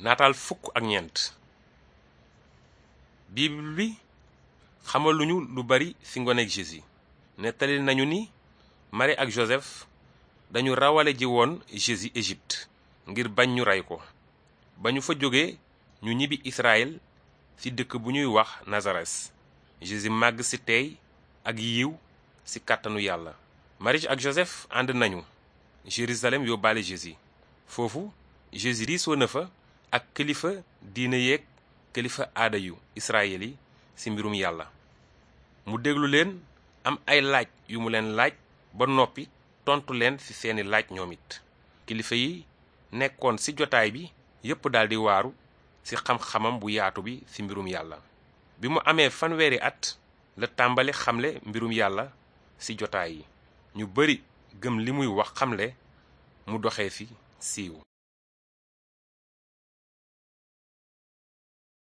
naataal fukk ak ñeent bible bi xamaluñu lu bari ci ngoneeg Jésus nettali nañu ni Marie ak Joseph dañu rawale ji woon Jésus Égypte ngir bañ ñu rey ko ba ñu fa jógee ñu ñibbi Israël ci dëkk bu ñuy wax Nazares Jésus màgg ci tey ak yiw ci kàttanu yàlla Marie ak Joseph ànd nañu Jérusalem yóbbaale Jésus foofu Jésus riisoo na ak kilifa diine yeeg kilifa aada yu israel yi ci mbirum yàlla mu déglu leen am ay laaj yu mu leen laaj ba noppi tontu leen ci seeni laaj ñoomit kilifa yi nekkoon ci jotaay bi yépp daldi waaru ci xam-xamam bu yaatu bi ci mbirum yàlla bi mu amee fanweeri at la tàmbali xamle mbirum yàlla ci jotaay yi ñu bari gëm li muy wax xamle mu doxee fi siiw